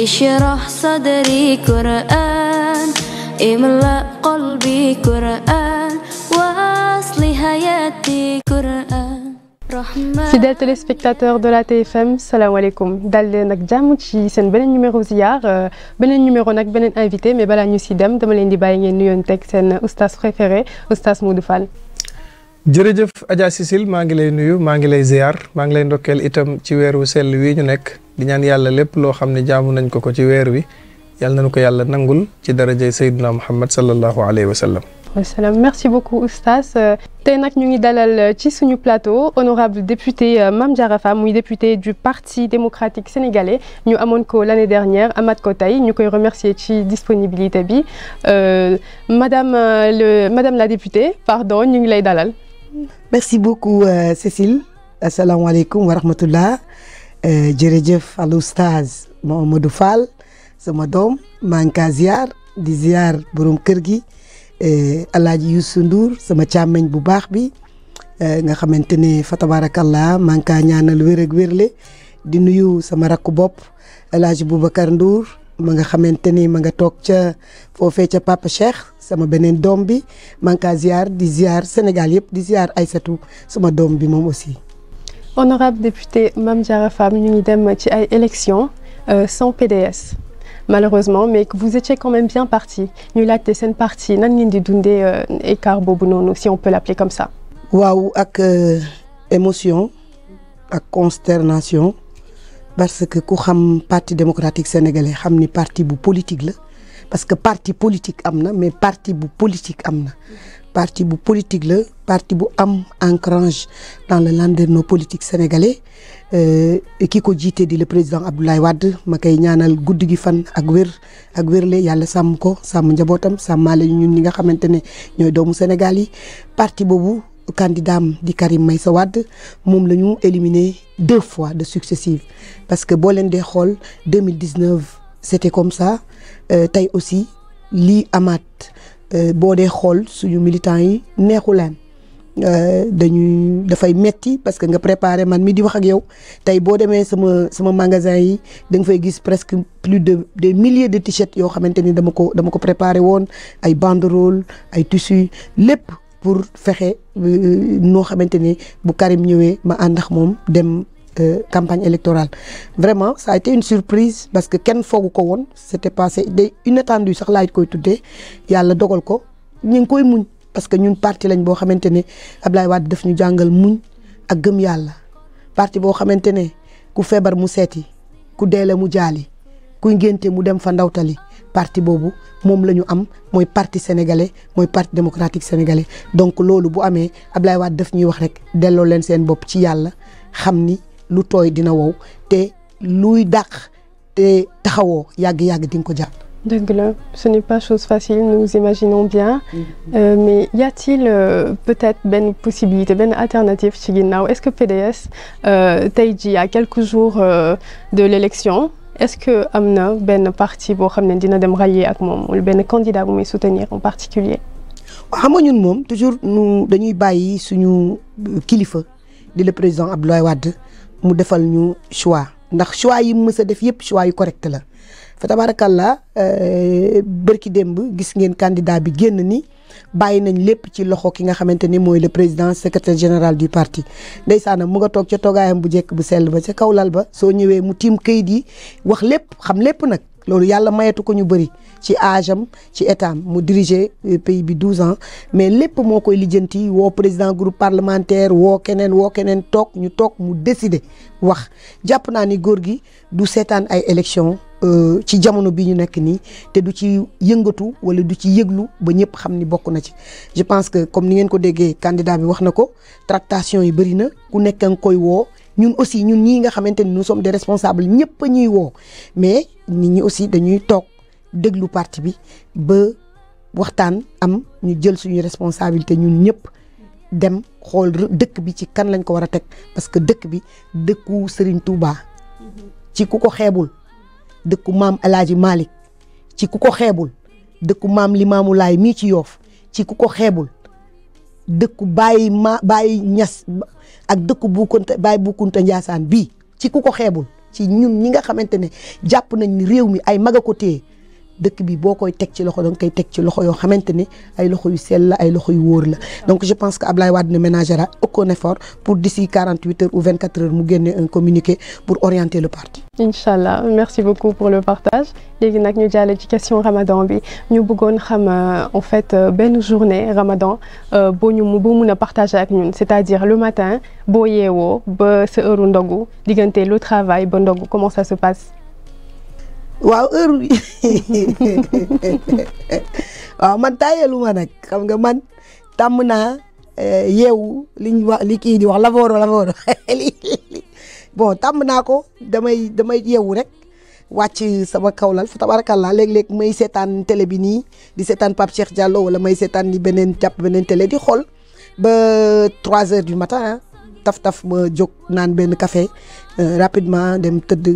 اشرح صدري قرآن املأ قلبي قرآن واصل حياتي قرآن fidèles téléspectateurs de la TFM salaamaaleykum daal leen ak jàmm ci seen beneen numéro ziar euh, beneen numéro nag beneen invité mais balaa ñu si dem dama leen di bàyyi ngeen nuyoon teg seen oustaz préféré oustaz Modou Fall jërëjëf Adja Cécile maa ngi lay nuyu maa ngi lay ziar maa ngi lay ndokkeel itam ci weeru sell wi ñu nekk di ñaan yàlla lépp loo xam ne jaamu nañ ko ko ci weer wi yàlla nañu ko yàlla nangul ci darajay Seydina Muhammad sallallahu alayhi wa sallam. wasalaam merci beaucoup oustaz tey nag ñu ngi dalal ci suñu plateau honorable député euh, Mame Diarra Fam muy député du parti démocratique sénégalais ñu amoon ko l'année dernière amat ko tey ñu koy remercier ci disponibilité bi euh, madame euh, le madame la députée pardon ñu ngi lay dalal. merci beaucoup euh, Cécile asalaamaaleykum wa rahmatullah euh, jërëjëf al oustaz Mamadou Fall sama doom maa ngi kaa ziar di ziar borom kër gi euh, alaaji Youssou Ndour sama càmmeñ bu baax bi euh, nga xamante ne fa tabarakallah maa ngi kaa ñaanal wér ak wérle di nuyu sama rakku bopp alaaji Boubacar Ndour ma nga xamante ni ma nga toog ca foofee ca Papa Cheikh sama beneen doom bi maa ngi kaa di ziar Sénégal yëpp di ziar Aïssatou sama doom bi moom aussi. honorable député Mame Diarra Fam ñu ngi dem ci ay élections euh, sans PDS malheureusement mais que vous étiez quand même bien parti ñu laajte seen parti nan ngeen di dundee euh, écart boobu noonu si on peut l'appeler comme ça. waaw ak euh, émotion ak consternation. parce que ku xam parti démocratique sénégalais xam ni parti bu politique la parce que parti politique am na mais parti bu politique am na parti bu politique la parti bu am ancrage dans le landerneau politique sénégalais euh, ki ko jiite di le président Abdoulaye Wade ma koy ñaanal gudd gi fan ak wér ak wérle yàlla sàmm ko sàmm njabootam sàmmaale ñun ñi nga xamante ne ñooy doomu sénégali parti boobu candidat am di may sa Wade moom la ñu éliminé deux fois de successives parce que boo leen dee xool 2019 c'était comme ça euh, tey aussi lii amaat euh, boo dee xool suñu militants yi neexu leen euh, dañuy dafay metti parce que nga préparer man mi di wax ak yow tey boo demee sama sama magasin yi da fay gis presque plus de des milliers de t-shirts yoo xamante ni dama ko dama ko préparé woon ay banderole ay tissus lépp pour fexe euh, euh, noo xamante ni bu Karim ñëwee ma ànd ak moom dem euh, campagne électorale vraiment ça a une surprise parce que kenn foogu ko woon c'était passé day inattendu sax laaj koy tuddee yàlla dogal ko ñu ngi koy muñ parce que ñun parti lañ boo xamante ne Ablaye Wade daf ñu jàngal muñ ak gëm yàlla parti boo xamante ne ku feebar mu seeti ku deele mu jaali kuy ngénte mu dem fa ndawtali parti boobu moom la ñu am mooy parti sénégalais mooy parti démocratique sénégalais donc loolu bu amee Ablaye Wade def ñuy wax rek delloo leen seen bopp ci yàlla xam ni lu tooy dina wow te luy dàq te taxawoo yàgg-yàgg di nga ko jàpp. dëgg la ce n'est pas chose facile nous imaginons bien mm-hmm. euh, mais y a-t-il euh, peut-être benn possibilité benn alternative ci ginnaaw est-ce que PDS euh, tey jii à quelques jours euh, de l'élection est-ce que am na benn parti boo xam ne dina dem rallier ak moom wala benn candidat bu muy soutenir en particulier xam nga ñun moom toujours ñu dañuy bàyyi suñu euh, kilifa di la président Abdoulaye Wade mu defal ñu choix ndax choix yi mës a def yëpp choix yu correct la fa tabarakallah euh, bërki démb gis ngeen candidat bi génn ni bàyyi nañ lépp ci loxo ki nga xamante ni mooy le président secretaire général du parti ndeysaanam mu nga toog ca toogaayam bu jekk bu sell ba ca kaw lal ba soo ñëwee mu tiim kayit yi wax lépp xam lépp nag loolu yàlla mayetu ko ñu bëri ci âge ci état mu dirigé euh, pays bi 12 ans mais lépp moo koy lijjanti woo président groupe parlementaire woo keneen woo keneen toog ñu toog mu décider wax jàpp naa ni góor gi du seetaan ay élection Euh, ci jamono bi ñu nekk nii te du ci yëngatu wala du ci yëglu ba ñëpp xam ni bokk na ci je pense que comme ni ngeen ko déggee candidat bi wax na ko tractation yi bëri na ku nekk nga koy woo ñun aussi ñun ñii nga xamante ni nu sommes de responsables ñëpp a ñuy woo mais nit ñi aussi dañuy toog déglu parti bi ba waxtaan am ñu jël suñu responsabilité ñun ñëpp dem xool dëkk bi ci kan lañ ko war a teg parce que dëkk bi dëkku Serigne Touba mm-hmm. ci ku ko xeebul. dëkku maam alaaji malik ci ku ko xeebul dëkku maam Limaamu Laay mii ci yoof ci ku ko xeebul dëkku bàyyi ma bàyyi ñas ak dëkku Bukunta bàyyi Bukunta Njaasaan bii ci ku ko xeebul ci ñun ñi nga xamante ne jàpp nañ ni réew mi ay mag a ko téye dëkk bi boo koy teg ci loxo danga koy teg ci loxo yoo xamante ni ay loxo yu sell la ay loxo yu wóor la donc je pense que Ablaye Wade ne ménagera aucun effort pour d'ici quarante huit heures ou vingt quatre heures mu génne un communiqué pour orienter le parti. incha allah merci beaucoup pour le partage léegi nag ñu jàlle ci question Ramadan bi ñu bëggoon xam euh, en fait euh, benn journée Ramadan euh, boo ñu mu boo mun a partage ak ñun c'est-à-dire le matin boo yeewoo ba sa heure ndogu diggante le travail ba ndogu comment ça se passe. waaw heure bi waaw man tàyyeelu ma nag xam nga man tàmm naa li eh, liñ wax li kii di wax labooro labooro bon tàmm naa ko damay damay yeewu rek wàcc sama kawlal fa tabarakallah léeg-léeg may seetaan télé bi nii di seetaan Pape Cheikh Diallo wala may seetaan ni beneen jàpp beneen télé di xool ba trois heures du matin taf taf ma jóg naan benn kafe euh, rapidement dem tëdd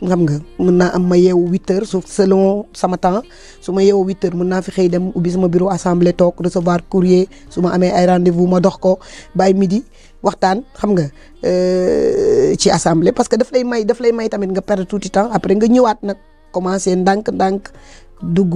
xam nga mën naa am ma yeewu huit heures sauf selon sama temps su ma yeewu huit heures mën naa fi xëy dem ubbi sama bureau assemblée toog recevoir courrier su ma amee ay rendez-vous ma dox ko bàyyi midi waxtaan xam nga euh, ci assemblée parce que daf lay may daf lay may tamit nga perdre tuuti temps après nga ñëwaat nag commencer ndànk-ndànk dugg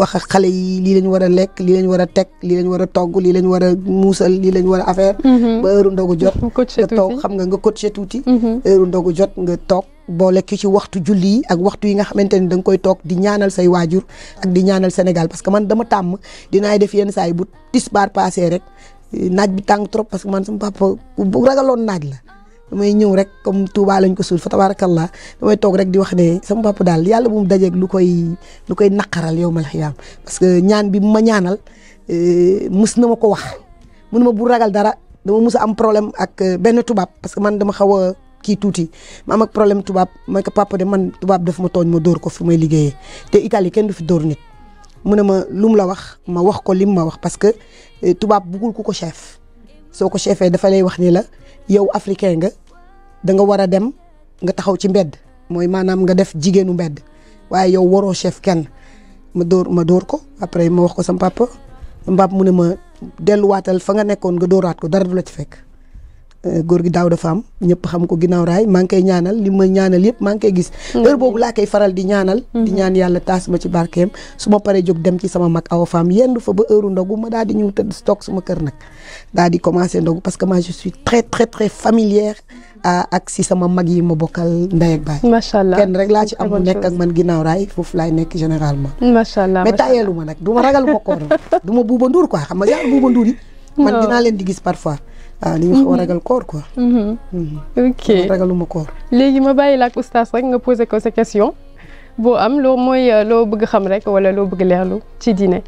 wax ak xale yi lii lañ war a lekk lii lañ war a teg lii lañ war a togg lii lañ war a muusal lii lañ affaire. ba heure ndogu jot. nga toog xam nga nga coaché tuuti. heure jot nga toog. boole ki ci waxtu julli yi ak waxtu yi nga xamante ni danga koy toog di ñaanal say waajur ak di ñaanal Sénégal parce que man dama tàmm dinaay def yenn saa yi bu tisbaar passé rek eh, naaj bi tàng trop parce que man sama papa bu ragaloon naaj la damay ñëw rek comme Touba lañ ko suul fa tabarakallah damay toog rek di wax ne sama papa daal yàlla bu mu dajeeg lu koy lu koy naqaral yow mal xiyaam parce que ñaan bi ma ñaanal eh, mus na ma ko wax mun ma bu ragal dara dama mus a am problème ak eh, benn tubaab parce que man dama xaw a kii tuuti ma am ak problème tubaab ma mooy que papa de man tubaab daf ma tooñ ma dóor ko fi may liggéeyee te Italie kenn du fi dóor nit mu ne ma lu mu la wax ma wax ko lim ma wax parce que eh, tubaab buggul ku ko chef soo ko chefee dafa lay wax ni la yow africain nga da nga war a dem nga taxaw ci mbedd mooy maanaam nga def jigéenu mbedd waaye yow waroo chef kenn ma dóor ma dóor ko après ma wax ko sam papa sam mu ne ma delluwaatal fa nga nekkoon nga dóoraat ko dara du la ci fekk. Euh, góor gi daaw dafa am ñëpp xam ko ginnaaw raay maa ngi koy ñaanal ni ma ñaanal yëpp maa ngi koy gis mm. heure boobu laa koy faral di ñaanal mm-hmm. di ñaan yàlla taas ma ci barkeem su ma paree jóg dem ci sama mag awa faam yendu fa ba ndogu ma daal di ñëw tëdd stock sama kër nag daal di commencé ndogu parce que moi je suis très très très familière ak sama mag yi ma bokkal ndey ak baay macha allah kenn rek laa ci am man ginnaaw raay foofu laay nekk généralement macha allah ma nag du ma ragal ma koor du ma buuba nduur quoi xam nga yaa buuba nduur yi man dinaa leen di gis parfois ah li ñu a mhm. ragal koor quoi. Mhm. Mhm. ragaluma koor. léegi ma bàyyi la ak oustaz nga posé ko sa question boo am loo mooy euh, loo bëgg xam rek wala loo bëgg leerlu ci diine.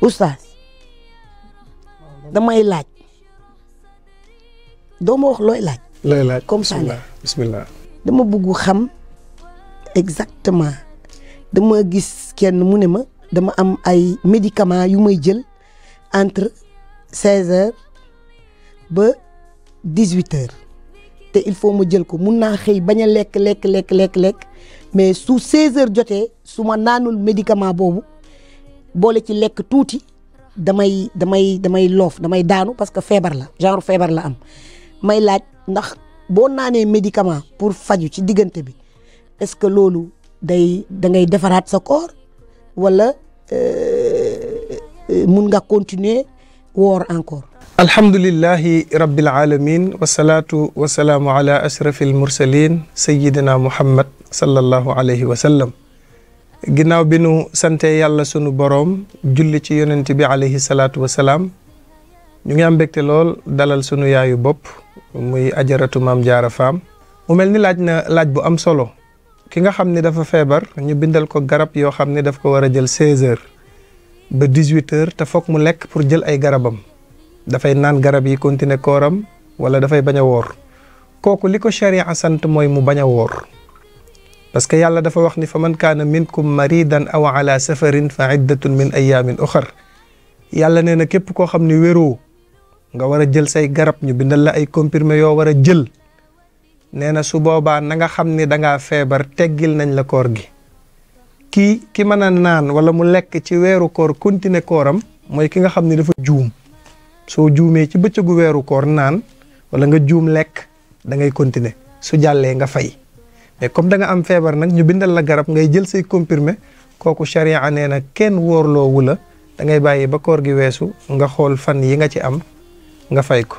oustaz damay laaj doo ma wax looy laaj. looy laaj comme ça bismillah dama bëgg xam exactement dama gis kenn mu ne ma dama am ay médicaments yu may jël entre. seize heures ba dix huit heures te il faut ma jël ko mun naa xëy bañ a lekk lekk lekk lekk mais su seize heure jotee su ma naanul médicament boobu boole ci lekk tuuti damay damay damay loof damay daanu parce que feebar la genre feebar la am may laaj ndax boo naanee médicament pour faju ci diggante bi est-ce que loolu day da ngay defaraat sa corps walla euh, euh, mun nga continuer woor encore alhamdulillahi rabbil alamin wasalaatu wasalaamu ala ashrafil mursalin sayidina muhammad sallallahu alayhi wa sallam ginnaaw bi nu sante yàlla sunu boroom julli ci yonent bi alayhi salaatu salaam ñu ngi am mbégte lool dalal sunu yaayu bopp muy ajaratu maam jaara faam mu mel ni laaj na laaj bu am solo ki nga xam ni dafa feebar ñu bindal ko garab yoo xam ni daf ko war a jël 16 ba dix-huit heures te foog mu lekk pour jël ay garabam dafay naan garab yi continuer kooram wala dafay bañ a woor kooku li ko sharia sant mooy mu bañ a woor parce que yàlla dafa wax ni fa man kaana minkum maridan aw ala safarin fa iddatun min ayamin oxar yàlla nee na képp koo xam ne wéroo nga war a jël say garab ñu bindal la ay comprimé yoo war a jël nee na su boobaa na nga xam ni dangaa feebar teggil nañ la koor gi kii ki mën a naan wala mu lekk ci weeru koor continuer kooram mooy ki nga xam ni dafa juum soo juumee ci bëccëgu weeru koor naan wala nga juum lekk da ngay continuer su jàllee nga fay mais comme da nga am feebar nag ñu bindal la garab ngay jël say comprimé kooku charia nee na kenn wóorloowu la dangay bàyyi ba koor gi weesu nga xool fan yi nga ci am nga fay ko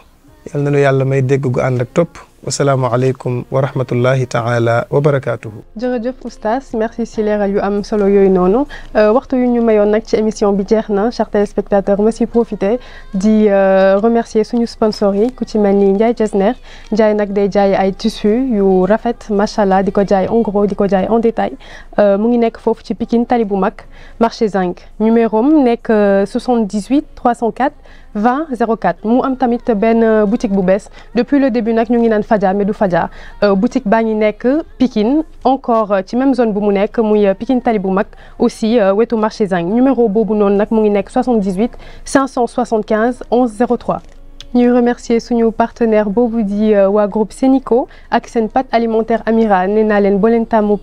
yal na nu yàlla may dégg gu ànd ak topp wasalaamualeykum wa rahmatullahi taala wa barakaatuhu. jërëjëf oustaz merci si leeral yu am solo yooyu noonu euh, waxtu yu ñu mayoon nag ci émission bi jeex na chers téléspectateurs ma si profité di euh, remercier suñu sponsor yi ku ci mel ni Ndiaye Jesner Ndiaye nag day jaay ay tissus yu rafet macha allah di ko jaay en gros di ko jaay en détail euh, mu ngi nekk foofu ci Pikine tali bu mag marché Zinc numéro am nekk 78 304. 20 04 mu am tamit benn euh, boutique bu bees depuis le début nag ñu ngi naan Fadia mais du Fadia euh, boutique baa ngi nekk Pikine encore euh, ci même zone bu mu nekk muy Pikine tali bu mag aussi wetu marché numéro boobu noonu nag mu ngi nekk 78 575 11 03 ñuy remercier suñu partenaire boobu di euh, waa groupe Sénico ak seen pâte alimentaire Amira nee naa leen boo leen tàmmu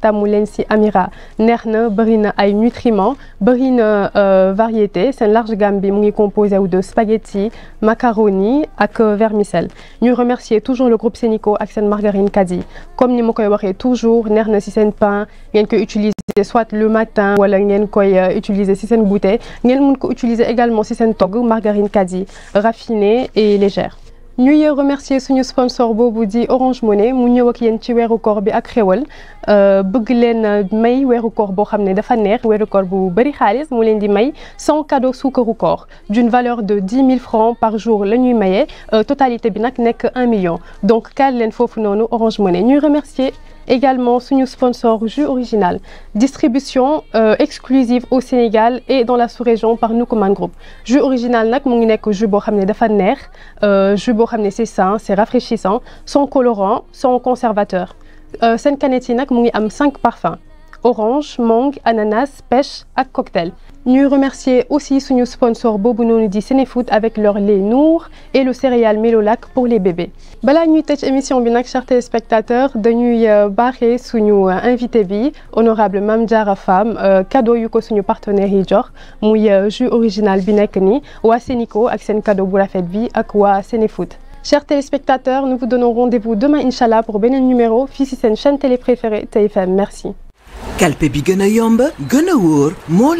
tàmmu leen si Amira neex na bëri na ay nutriments bëri na euh, variété seen large gamme bi mu ngi composé wu de spaghetti macaroni ak euh, vermicelle ñuy remercie toujours le groupe Sénico ak seen margarine Kadi comme ni ma koy waxee toujours neex na si seen pain ngeen koy utiliser soit le matin wala ngeen koy euh, utiliser si seen bouteille ngeen mun ko utiliser également si seen togg margarine kat yi raffinée et légère ñuy remercier suñu sponsor boobu di Orange Money mu ñëw ak yéen ci weeru koor bi ak xéwal euh, bëgg leen may weeru koor boo xam ne dafa neex weeru koor bu bëri xaalis mu leen di may 100 cadeaux suukaru koor d'une valeur de 10 000 francs par jour la ñuy mayee euh, totalité bi nag nekk 1 million donc kaal leen foofu noonu Orange Money ñuy remercier également suñu sponsor jus original distribution euh, exclusive au Sénégal et dans la sous-région par Nukuman Group jus original nag mu ngi nekk jus boo xam ne dafa neex euh, jus boo xam ne c'est sain c'est rafraîchissant sans colorant son conservateur euh, seen canette yi nag mu ngi am cinq parfums orange mangue ananas pêche ak cocktail ñuy remercier aussi suñu sponsor boobu noonu di Sénéfoot avec leur lait Nour et le céréal Mélolac pour les bébés balaa ñuy tëj émission bi nag chers téléspectateurs dañuy euh, baaxee suñu euh, invité bi honorable Mame Diarra Fam euh, cadeau yu ko suñu partenaires yi jox muy jus original bi nekk ni waa Sénico ak seen cadeau bu rafet bi ak waa Sénéfoot chers téléspectateurs nous vous donnons rendez-vous demain inchallah pour beneen numéro fii ci seen chaîne télé préférée TFM merci kalpe bi gën a yomb gën a wóor moo